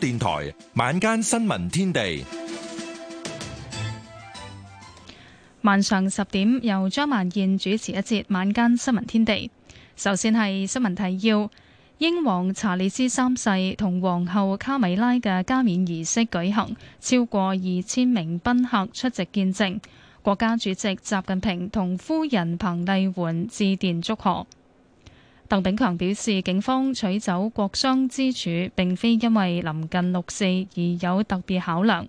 電台晚間新聞天地，晚上十點由張曼燕主持一節晚間新聞天地。首先係新聞提要：英皇查理斯三世同皇后卡米拉嘅加冕儀式舉行，超過二千名賓客出席見證。國家主席習近平同夫人彭麗媛致電祝賀。鄧炳強表示，警方取走國殤之柱，並非因為臨近六四而有特別考量。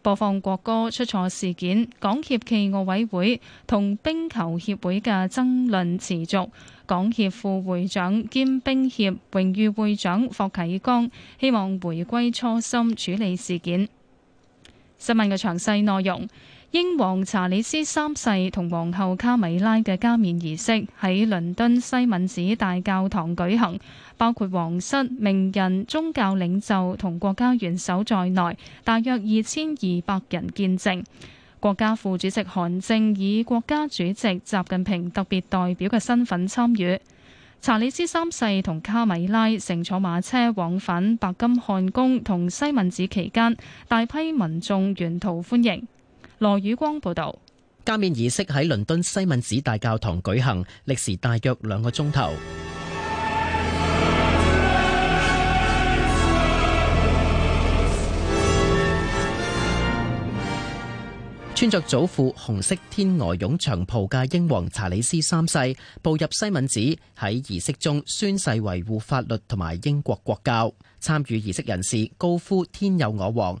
播放國歌出錯事件，港協暨奧委會同冰球協會嘅爭論持續。港協副會長兼冰協榮譽會長霍啟剛希望回歸初心處理事件。新聞嘅詳細內容。英皇查理斯三世同皇后卡米拉嘅加冕儀式喺倫敦西敏寺大教堂舉行，包括皇室、名人、宗教領袖同國家元首在內，大約二千二百人見證。國家副主席韓正以國家主席習近平特別代表嘅身份參與。查理斯三世同卡米拉乘坐馬車往返白金漢宮同西敏寺期間，大批民眾沿途歡迎。羅宇光報道，加冕儀式喺倫敦西敏寺大教堂舉行，歷時大約兩個鐘頭。穿着 祖父紅色天鵝絨長袍嘅英皇查理斯三世步入西敏寺，喺儀式中宣誓維護法律同埋英國國教。參與儀式人士高呼“天佑我王”。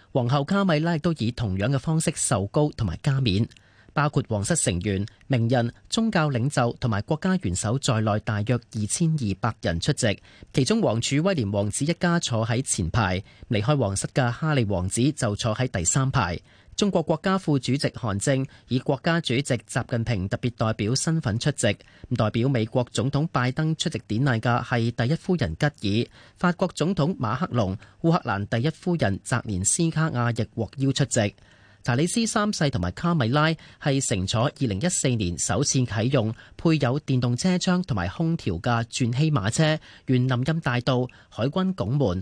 皇后卡米拉亦都以同樣嘅方式受膏同埋加冕，包括皇室成員、名人、宗教領袖同埋國家元首在內大約二千二百人出席。其中，王儲威廉王子一家坐喺前排，離開皇室嘅哈利王子就坐喺第三排。中國國家副主席韓正以國家主席習近平特別代表身份出席，代表美國總統拜登出席典禮嘅係第一夫人吉爾，法國總統馬克龍、烏克蘭第一夫人澤連斯卡亞亦獲邀出席。查理斯三世同埋卡米拉係乘坐二零一四年首次啟用，配有電動車窗同埋空調嘅轉禧馬車，沿林蔭大道、海軍拱門。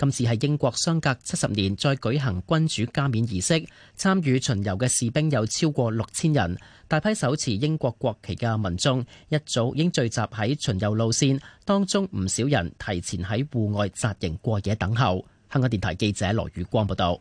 今次係英國相隔七十年再舉行君主加冕儀式，參與巡遊嘅士兵有超過六千人，大批手持英國國旗嘅民眾一早已經聚集喺巡遊路線，當中唔少人提前喺戶外紮營過夜等候。香港電台記者羅宇光報道，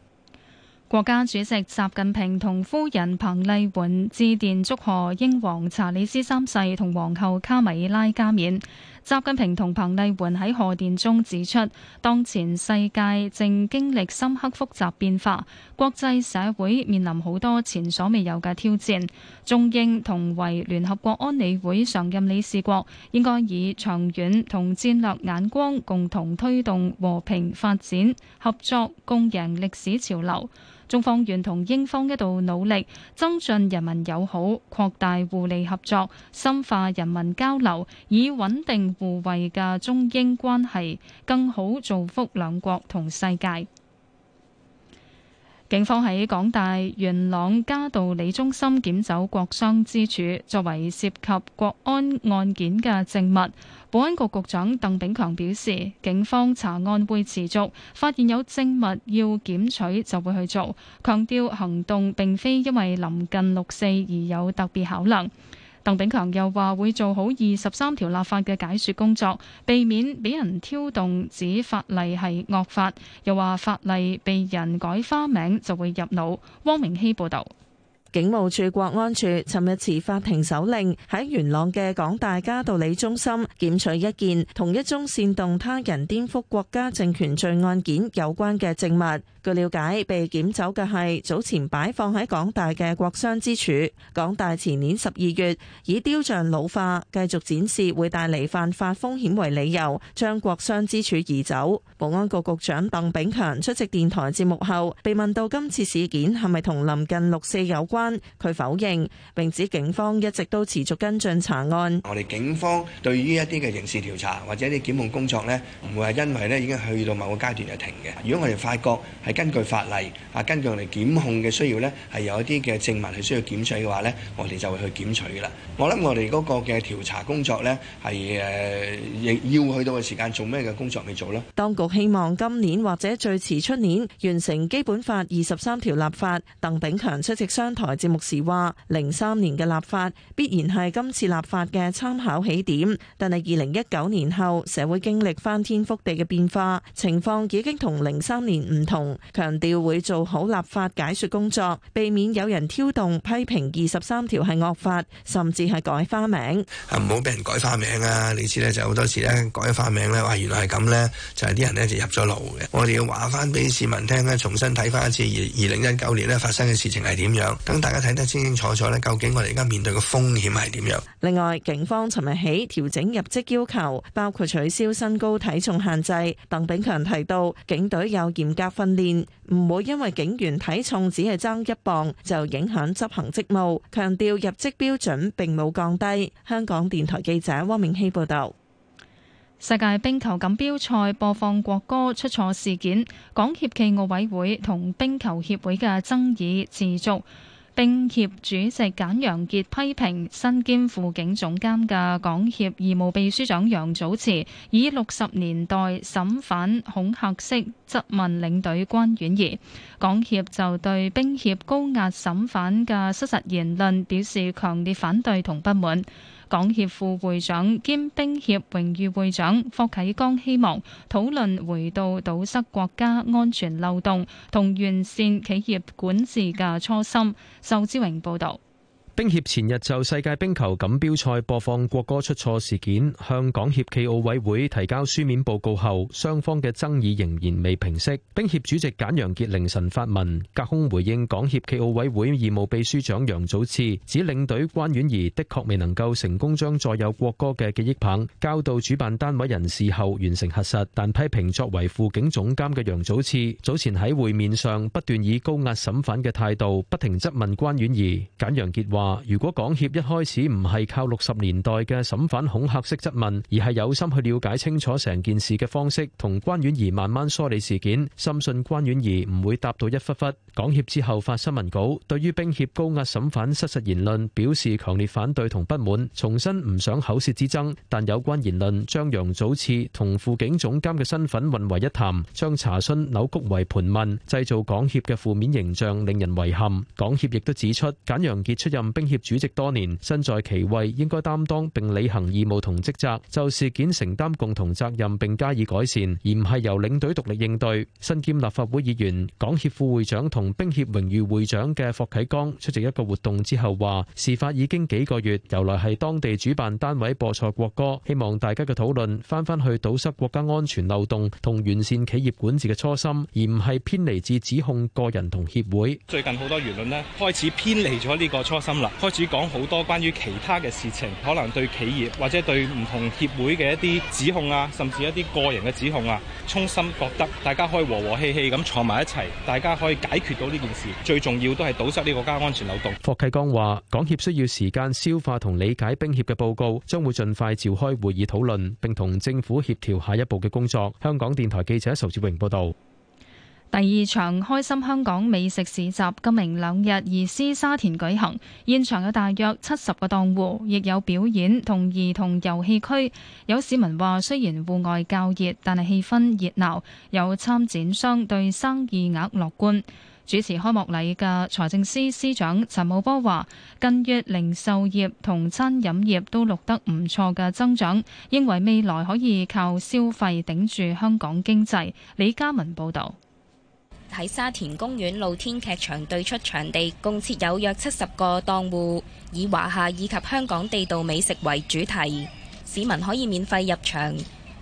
國家主席習近平同夫人彭麗媛致電祝賀英皇查理斯三世同皇后卡米拉加冕。習近平同彭麗媛喺賀電中指出，當前世界正經歷深刻複雜變化，國際社會面臨好多前所未有嘅挑戰。中英同為聯合國安理會常任理事國，應該以長遠同戰略眼光，共同推動和平發展、合作共贏歷史潮流。中方願同英方一道努力，增進人民友好，擴大互利合作，深化人民交流，以穩定互惠嘅中英關係，更好造福兩國同世界。警方喺港大元朗嘉道理中心檢走國殤之柱，作為涉及國安案件嘅證物。保安局局長鄧炳強表示，警方查案會持續，發現有證物要檢取就會去做，強調行動並非因為臨近六四而有特別考量。鄧炳強又話會做好二十三條立法嘅解說工作，避免俾人挑動指法例係惡法。又話法例被人改花名就會入腦。汪明熙報道。警務處國安處尋日持法庭手令喺元朗嘅港大嘉道理中心檢取一件同一宗煽動他人顛覆國家政權罪案件有關嘅證物。據了解，被檢走嘅係早前擺放喺港大嘅國殤之柱。港大前年十二月以雕像老化、繼續展示會帶嚟犯法風險為理由，將國殤之柱移走。保安局局長鄧炳強出席電台節目後，被問到今次事件係咪同臨近六四有關？佢否認，並指警方一直都持續跟進查案。我哋警方對於一啲嘅刑事調查或者一啲檢控工作呢，唔會係因為呢已經去到某個階段就停嘅。如果我哋發覺係根據法例啊，根據我哋檢控嘅需要呢，係有一啲嘅證物係需要檢取嘅話呢，我哋就會去檢取噶啦。我諗我哋嗰個嘅調查工作呢，係誒，要要去到嘅時間做咩嘅工作未做呢？當局希望今年或者最遲出年完成《基本法》二十三條立法。鄧炳強出席商台台節目時話，零三年嘅立法必然係今次立法嘅參考起點，但係二零一九年後社會經歷翻天覆地嘅變化，情況已經同零三年唔同。強調會做好立法解說工作，避免有人挑動批評二十三條係惡法，甚至係改花名。唔好俾人改花名啊！你知咧，就好多時咧改花名咧，話，原來係咁呢，就係、是、啲人呢就入咗牢嘅。我哋要話翻俾市民聽，呢重新睇翻一次二零一九年呢發生嘅事情係點樣。大家睇得清清楚楚咧，究竟我哋而家面對嘅風險係點樣？另外，警方尋日起調整入職要求，包括取消身高體重限制。鄧炳強提到，警隊有嚴格訓練，唔會因為警員體重只係爭一磅就影響執行職務，強調入職標準並冇降低。香港電台記者汪明熙報道。世界冰球錦標賽播放國歌出錯事件，港協暨奧委會同冰球協會嘅爭議持續。兵協主席簡楊杰批評身兼輔警總監嘅港協義務秘書長楊祖慈以六十年代審犯恐嚇式質問領隊關婉儀，港協就對兵協高壓審犯嘅失實言論表示強烈反對同不滿。港協副會長兼冰協榮譽會長霍啟剛希望討論回到堵塞國家安全漏洞同完善企業管治嘅初心。仇志榮報導。冰協前日就世界冰球錦標賽播放國歌出錯事件，向港協暨奧委會提交書面報告後，雙方嘅爭議仍然未平息。冰協主席簡陽傑凌晨發文隔空回應港協暨奧委會義務秘書長楊祖熾，指領隊關婉儀的確未能夠成功將載有國歌嘅記憶棒交到主辦單位人士後完成核實，但批評作為輔警總監嘅楊祖熾早前喺會面上不斷以高壓審犯嘅態度，不停質問關婉儀。簡陽傑話。如果港協一開始唔係靠六十年代嘅審犯恐嚇式質問，而係有心去了解清楚成件事嘅方式，同關婉儀慢慢梳理事件，深信關婉儀唔會答到一忽忽。港協之後發新聞稿，對於兵協高壓審犯失實言論表示強烈反對同不滿，重申唔想口舌之爭，但有關言論將楊祖熾同輔警總監嘅身份混為一談，將查詢扭曲為盤問，製造港協嘅負面形象，令人遺憾。港協亦都指出，簡陽傑出任冰。冰協主席多年身在其位，應該擔當並履行義務同職責，就事件承擔共同責任並加以改善，而唔係由領隊獨立應對。身兼立法會議員、港協副會長同冰協榮譽會長嘅霍啟剛出席一個活動之後話：事發已經幾個月，由來係當地主辦單位播錯國歌。希望大家嘅討論返返去堵塞國家安全漏洞同完善企業管治嘅初心，而唔係偏離至指控個人同協會。最近好多輿論咧開始偏離咗呢個初心啦。開始講好多關於其他嘅事情，可能對企業或者對唔同協會嘅一啲指控啊，甚至一啲個人嘅指控啊，衷心覺得大家可以和和氣氣咁坐埋一齊，大家可以解決到呢件事。最重要都係堵塞呢個國家安全漏洞。霍啟剛話：港協需要時間消化同理解冰協嘅報告，將會盡快召開會議討論，並同政府協調下一步嘅工作。香港電台記者仇志榮報道。第二場開心香港美食市集今明兩日移師沙田舉行，現場有大約七十個檔戶，亦有表演同兒童遊戲區。有市民話：雖然戶外較熱，但係氣氛熱鬧，有參展商對生意額樂，樂觀。主持開幕禮嘅財政司司長陳茂波話：近月零售業同餐飲業都錄得唔錯嘅增長，認為未來可以靠消費頂住香港經濟。李嘉文報導。喺沙田公園露天劇場對出場地，共設有約七十個檔戶，以華夏以及香港地道美食為主題，市民可以免費入場。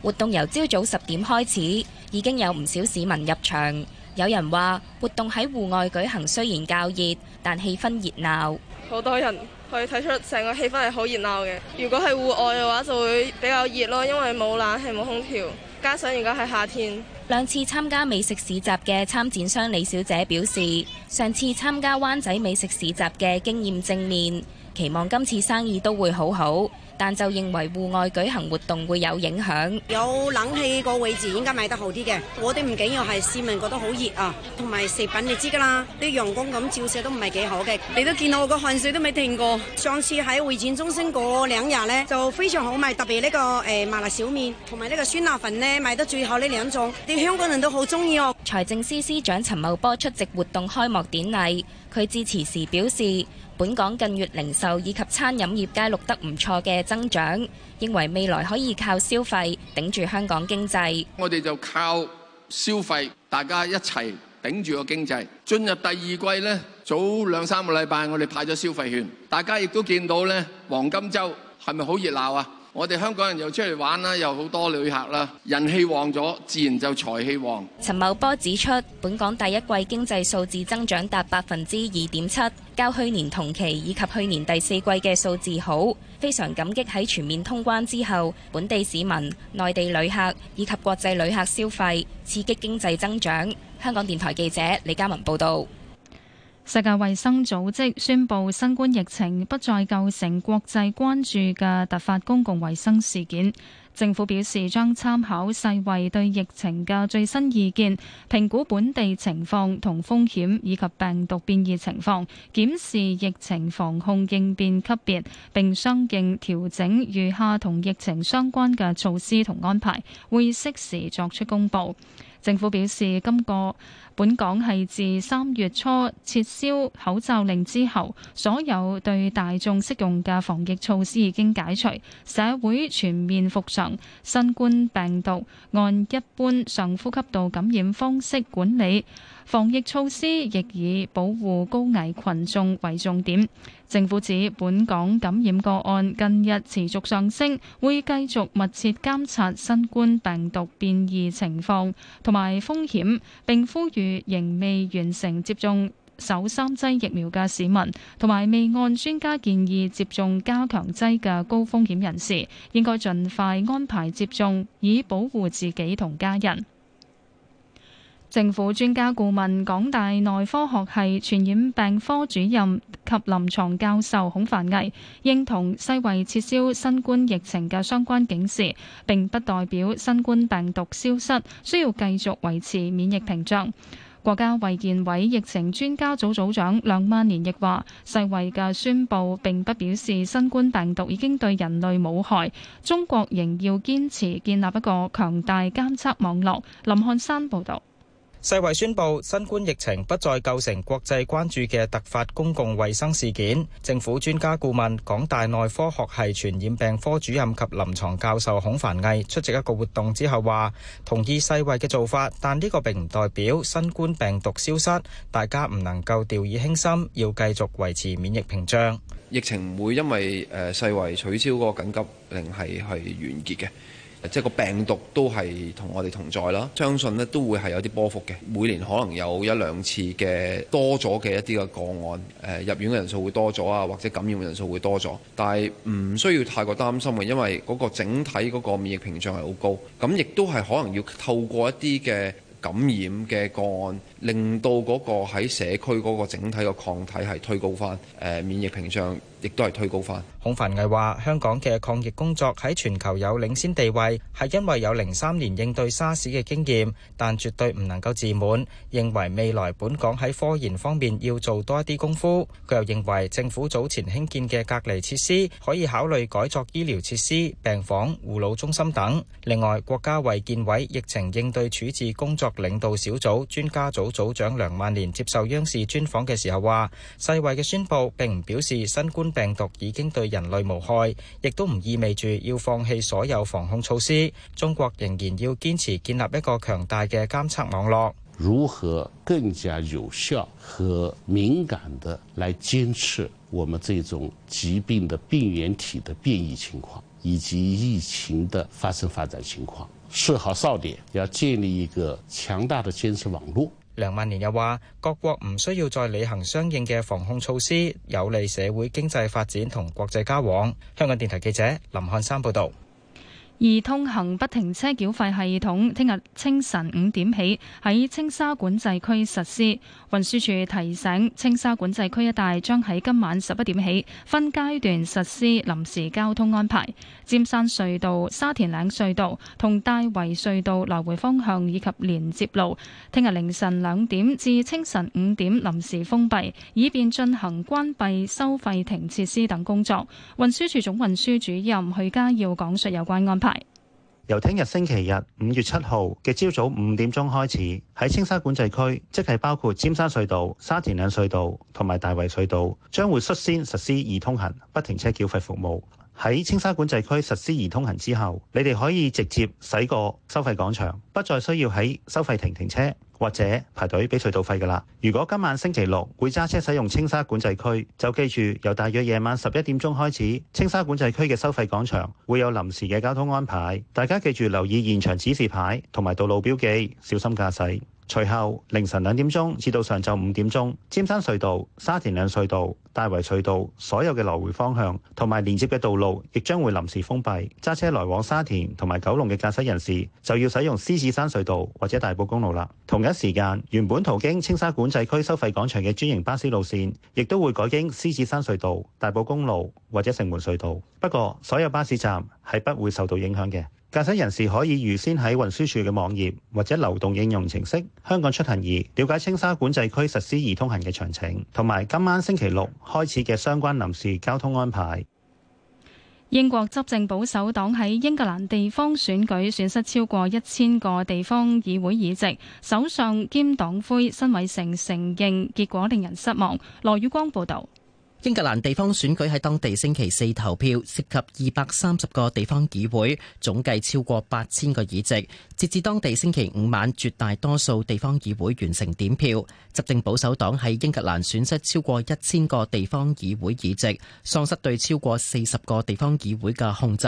活動由朝早十點開始，已經有唔少市民入場。有人話活動喺戶外舉行，雖然較熱，但氣氛熱鬧。好多人可以睇出成個氣氛係好熱鬧嘅。如果係戶外嘅話，就會比較熱咯，因為冇冷氣冇空調，加上而家係夏天。兩次參加美食市集嘅參展商李小姐表示，上次參加灣仔美食市集嘅經驗正面，期望今次生意都會好好。但就認為戶外舉行活動會有影響，有冷氣個位置應該賣得好啲嘅。我哋唔緊要係市民覺得好熱啊，同埋食品你知㗎啦，啲陽光咁照射都唔係幾好嘅。你都見到我個汗水都未停過。上次喺會展中心嗰兩日呢，就非常好賣，特別呢個誒麻辣小麵同埋呢個酸辣粉呢，賣得最好呢兩種，啲香港人都好中意哦。財政司司長陳茂波出席活動開幕典禮，佢致辭時表示。本港近月零售以及餐飲業界錄得唔錯嘅增長，認為未來可以靠消費頂住香港經濟。我哋就靠消費，大家一齊頂住個經濟。進入第二季咧，早兩三個禮拜我哋派咗消費券，大家亦都見到咧，黃金周係咪好熱鬧啊？我哋香港人又出嚟玩啦，又好多旅客啦，人氣旺咗，自然就財氣旺。陳茂波指出，本港第一季經濟數字增長達百分之二點七，較去年同期以及去年第四季嘅數字好，非常感激喺全面通關之後本地市民、內地旅客以及國際旅客消費刺激經濟增長。香港電台記者李嘉文報道。世界衛生組織宣布，新冠疫情不再構成國際關注嘅突發公共衛生事件。政府表示將參考世衛對疫情嘅最新意見，評估本地情況同風險以及病毒變異情況，檢視疫情防控應變級別，並相應調整餘下同疫情相關嘅措施同安排，會適時作出公佈。政府表示今、這個本港係自三月初撤銷口罩令之後，所有對大眾適用嘅防疫措施已經解除，社會全面復常。新冠病毒按一般上呼吸道感染方式管理，防疫措施亦以保護高危羣眾為重點。政府指本港感染個案近日持續上升，會繼續密切監察新冠病毒變異情況同埋風險，並呼籲，仍未完成接種首三劑疫苗嘅市民，同埋未按專家建議接種加強劑嘅高風險人士，應該盡快安排接種，以保護自己同家人。政府專家顧問、港大內科學系傳染病科主任及臨床教授孔凡毅認同世衛撤銷新冠疫情嘅相關警示，並不代表新冠病毒消失，需要繼續維持免疫屏障。國家衛健委疫情專家組組長梁萬年亦話，世衛嘅宣佈並不表示新冠病毒已經對人類冇害，中國仍要堅持建立一個強大監測網絡。林漢山報導。世衛宣布，新冠疫情不再構成國際關注嘅突發公共衛生事件。政府專家顧問、港大內科學系傳染病科主任及臨床教授孔凡毅出席一個活動之後話，同意世衛嘅做法，但呢個並唔代表新冠病毒消失，大家唔能夠掉以輕心，要繼續維持免疫屏障。疫情唔會因為誒世衛取消個緊急令係完結嘅。即係個病毒都係同我哋同在啦，相信咧都會係有啲波幅嘅。每年可能有一兩次嘅多咗嘅一啲嘅個案，誒入院嘅人數會多咗啊，或者感染嘅人數會多咗。但係唔需要太過擔心嘅，因為嗰個整體嗰個免疫屏障係好高。咁亦都係可能要透過一啲嘅感染嘅個案，令到嗰個喺社區嗰個整體嘅抗體係推高翻誒、呃、免疫屏障。亦都係推高翻。孔繁毅話：香港嘅抗疫工作喺全球有領先地位，係因為有零三年應對沙士嘅經驗，但絕對唔能夠自滿。認為未來本港喺科研方面要做多一啲功夫。佢又認為政府早前興建嘅隔離設施可以考慮改作醫療設施、病房、護老中心等。另外，國家衛健委疫情應對處置工作領導小組專家組組長梁萬年接受央視專訪嘅時候話：世衛嘅宣佈並唔表示新冠病毒已經對人類無害，亦都唔意味住要放棄所有防控措施。中國仍然要堅持建立一個強大嘅監測網絡。如何更加有效和敏感的來監測我們這種疾病的病原體的變異情況，以及疫情的發生發展情況。設好哨點，要建立一個強大的監視網絡。梁萬年又話，各國唔需要再履行相應嘅防控措施，有利社會經濟發展同國際交往。香港電台記者林漢山報導。易通行不停車繳費系統聽日清晨五點起喺青沙管制區實施。運輸處提醒，青沙管制區一帶將喺今晚十一點起分階段實施臨時交通安排。尖山隧道、沙田嶺隧道同大圍隧道來回方向以及連接路，聽日凌晨兩點至清晨五點臨時封閉，以便進行關閉收費亭設施等工作。運輸處總運輸主任許家耀講述有關安排。由聽日星期日五月七號嘅朝早五點鐘開始，喺青沙管制區，即係包括尖山隧道、沙田嶺隧道同埋大圍隧道，將會率先實施易通行不停車繳費服務。喺青沙管制區實施易通行之後，你哋可以直接駛過收費廣場，不再需要喺收費亭停，停車或者排隊俾隧道費噶啦。如果今晚星期六會揸車使用青沙管制區，就記住由大約夜晚十一點鐘開始，青沙管制區嘅收費廣場會有臨時嘅交通安排，大家記住留意現場指示牌同埋道路標記，小心駕駛。隨後凌晨兩點鐘至到上晝五點鐘，尖山隧道、沙田嶺隧道、大圍隧道所有嘅來回方向同埋連接嘅道路，亦將會臨時封閉。揸車來往沙田同埋九龍嘅駕駛人士，就要使用獅子山隧道或者大埔公路啦。同一時間，原本途經青沙管制區收費廣場嘅專營巴士路線，亦都會改經獅子山隧道、大埔公路或者城門隧道。不過，所有巴士站。係不會受到影響嘅。駕駛人士可以預先喺運輸署嘅網頁或者流動應用程式《香港出行易》了解青沙管制區實施易通行嘅詳情，同埋今晚星期六開始嘅相關臨時交通安排。英國執政保守黨喺英格蘭地方選舉損失超過一千個地方議會議席，首相兼黨魁辛偉誠承認結果令人失望。羅宇光報道。英格蘭地方選舉喺當地星期四投票，涉及二百三十個地方議會，總計超過八千個議席。截至當地星期五晚，絕大多數地方議會完成點票。執政保守黨喺英格蘭損失超過一千個地方議會議席，喪失對超過四十個地方議會嘅控制。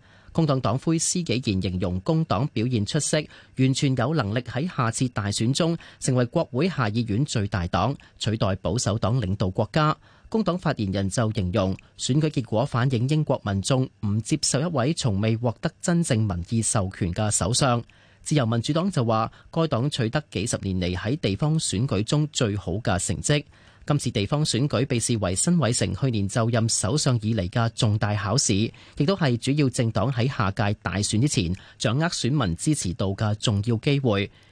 工黨黨魁施紀賢形容工黨表現出色，完全有能力喺下次大選中成為國會下議院最大黨，取代保守黨領導國家。工黨發言人就形容選舉結果反映英國民眾唔接受一位從未獲得真正民意授權嘅首相。自由民主黨就話該黨取得幾十年嚟喺地方選舉中最好嘅成績。今次地方選舉被視為辛偉誠去年就任首相以嚟嘅重大考試，亦都係主要政黨喺下屆大選之前掌握選民支持度嘅重要機會。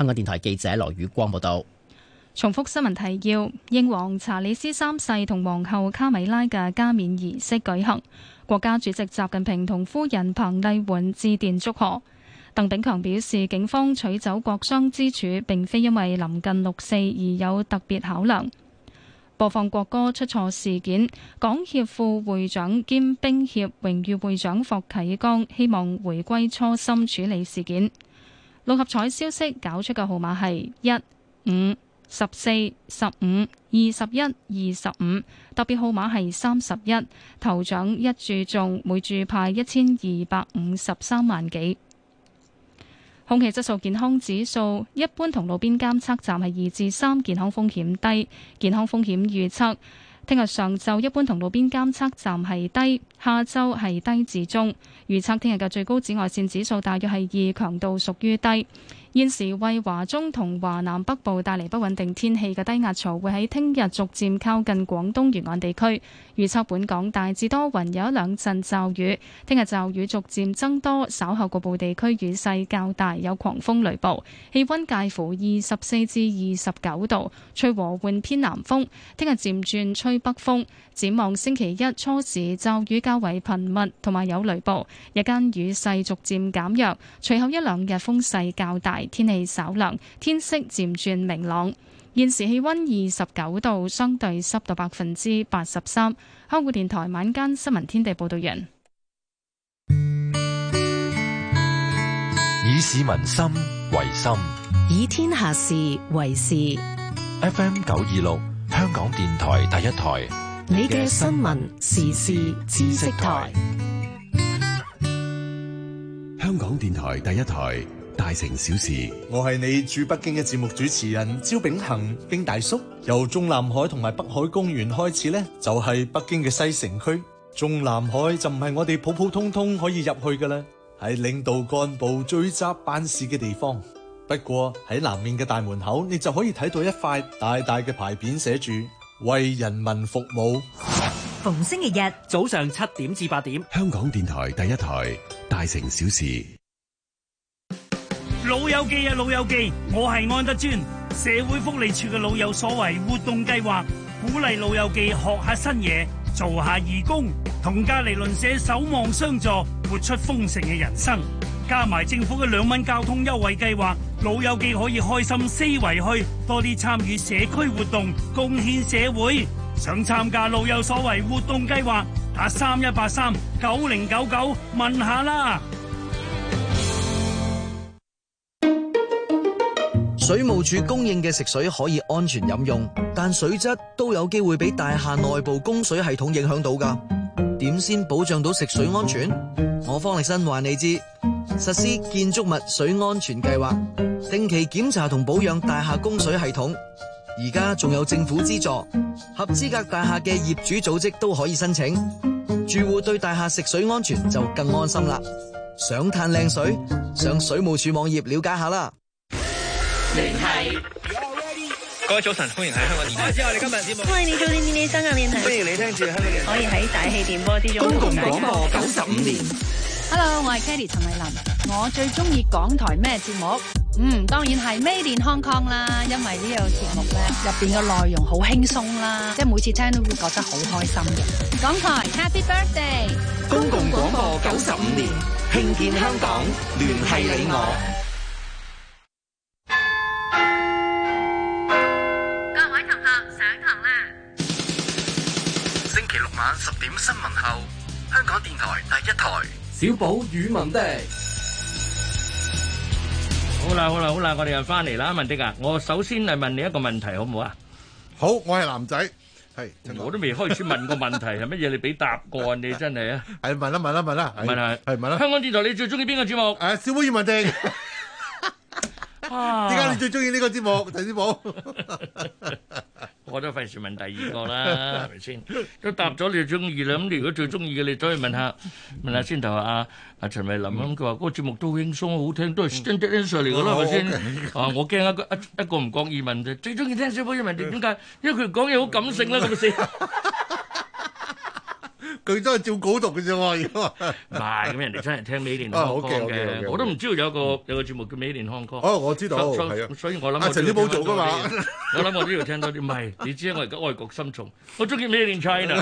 香港電台記者羅宇光報道。重複新聞提要：英皇查理斯三世同皇后卡米拉嘅加冕儀式舉行。國家主席習近平同夫人彭麗媛致電祝賀。鄧炳強表示，警方取走國殤之柱，並非因為臨近六四而有特別考量。播放國歌出錯事件，港協副會長兼冰協榮譽會長霍啟剛希望回歸初心處理事件。六合彩消息搞出嘅號碼係一五十四十五二十一二十五，特別號碼係三十一。頭獎一注中，每注派一千二百五十三萬幾。空氣質素健康指數一般同路邊監測站係二至三，健康風險低。健康風險預測聽日上晝一般同路邊監測站係低。下周係低至中，預測聽日嘅最高紫外線指數大約係二，強度屬於低。現時為華中同華南北部帶嚟不穩定天氣嘅低壓槽，會喺聽日逐漸靠近廣東沿岸地區。預測本港大致多雲，有一兩陣驟雨。聽日驟雨逐漸增多，稍後局部地區雨勢較大，有狂風雷暴。氣温介乎二十四至二十九度，吹和緩偏南風。聽日漸轉吹北風。展望星期一初時驟雨較為頻密，同埋有雷暴。日間雨勢逐漸減弱，隨後一兩日風勢較大，天氣稍涼，天色漸轉明朗。現時氣溫二十九度，相對濕度百分之八十三。香港電台晚間新聞天地報道完。以市民心為心，以天下事為事。FM 九二六，香港電台第一台。你嘅新聞時事知識台，香港電台第一台。大城小事。我係你駐北京嘅節目主持人焦炳恒，京大叔。由中南海同埋北海公園開始呢就係、是、北京嘅西城區。中南海就唔係我哋普普通通可以入去嘅啦，係領導幹部追責辦事嘅地方。不過喺南面嘅大門口，你就可以睇到一塊大大嘅牌匾，寫住。為人民服務。逢星期日早上七點至八點，香港電台第一台《大城小事》。老友記啊，老友記，我係安德尊，社會福利處嘅老友所為活動計劃，鼓勵老友記學下新嘢，做下義工，同隔籬鄰舍守望相助，活出豐盛嘅人生。加埋政府嘅兩蚊交通優惠計劃，老友記可以開心四圍去，多啲參與社區活動，貢獻社會。想參加老有所為活動計劃，打三一八三九零九九問下啦。水務署供應嘅食水可以安全飲用，但水質都有機會俾大廈內部供水系統影響到噶。點先保障到食水安全？我方力申話你知。實施建築物水安全計劃，定期檢查同保養大廈供水系統。而家仲有政府資助，合資格大廈嘅業主組織都可以申請。住戶對大廈食水安全就更安心啦。想嘆靚水，上水務署網頁了解下啦。體 re 各位早晨，歡迎喺香港電台，我哋今日歡迎你做電電新客聯繫。歡迎你聽住香港電台。 可以喺大氣電波之中。公共廣播九十五年。Hello，我係 Kelly 陳慧琳，我最中意港台咩節目？嗯，當然係《Made in Hong Kong》啦，因為呢個節目咧，入邊嘅內容好輕鬆啦，即係每次聽都會覺得好開心嘅。港台 Happy Birthday，公共廣播九十五年慶建香港，聯繫你我。各位同學上堂啦。星期六晚十點新聞後，香港電台第一台。小寶語文迪。好啦好啦好啦，我哋又翻嚟啦，文迪啊，我首先嚟問你一個問題，好唔好啊？好，我係男仔，係我都未開始問個問題，係乜嘢？你俾答案 你真係啊！係問啦問啦問啦，係係問啦了！問香港電台，你最中意邊個節目？誒，小寶語文迪，點解你最中意呢個節目？陳師傅。我都費事問第二個啦，係咪先？咁答咗你就中意啦。咁你 如果最中意嘅，你都可以問下問下先頭啊啊陳慧琳咁，佢話嗰個節目都輕鬆，好聽，都係 stand up entertainer 嚟㗎啦，係咪先？ 啊，我驚一個唔講意文嘅，最中意聽小波語文，點解？為 因為佢講嘢好感性啦，係咪先？ 佢都係照稿讀嘅啫喎，而家唔係咁，人哋真係聽美聯康歌嘅，我都唔知道有個有個節目叫美聯康歌。哦，oh, 我知道。所以我諗阿陳少寶冇做噶嘛，我諗我都要聽多啲那個。唔係，你知我而家愛國心重，我中意美聯 China，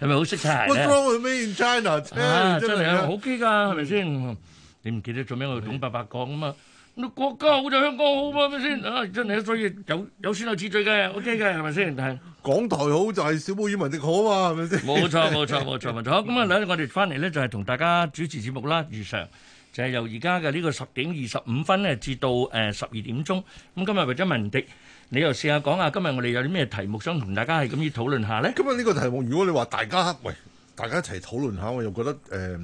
係咪好識提我 from 美聯 China 聽，真係好堅㗎，係咪先？你唔記得做咩？我同董伯伯講啊嘛。個國家好就香港好嘛？咪先啊？真係所以有有錢有秩序嘅 OK 嘅係咪先？但係港台好就係小寶與文迪好啊嘛？係咪先？冇錯冇錯冇錯冇錯。好咁啊！嗱， 我哋翻嚟咧就係同大家主持節目啦。如常就係、是、由而家嘅呢個十點二十五分咧，至到誒十二點鐘。咁今日為咗文迪，你又試下講下今日我哋有啲咩題目想同大家係咁樣討論下呢？今日呢個題目，如果你話大家喂，大家一齊討論下，我又覺得誒。呃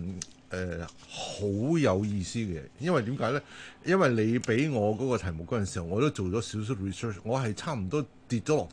誒好、呃、有意思嘅。因為點解咧？因為你俾我嗰個題目嗰陣時候，我都做咗少少 research，我係差唔多跌咗落。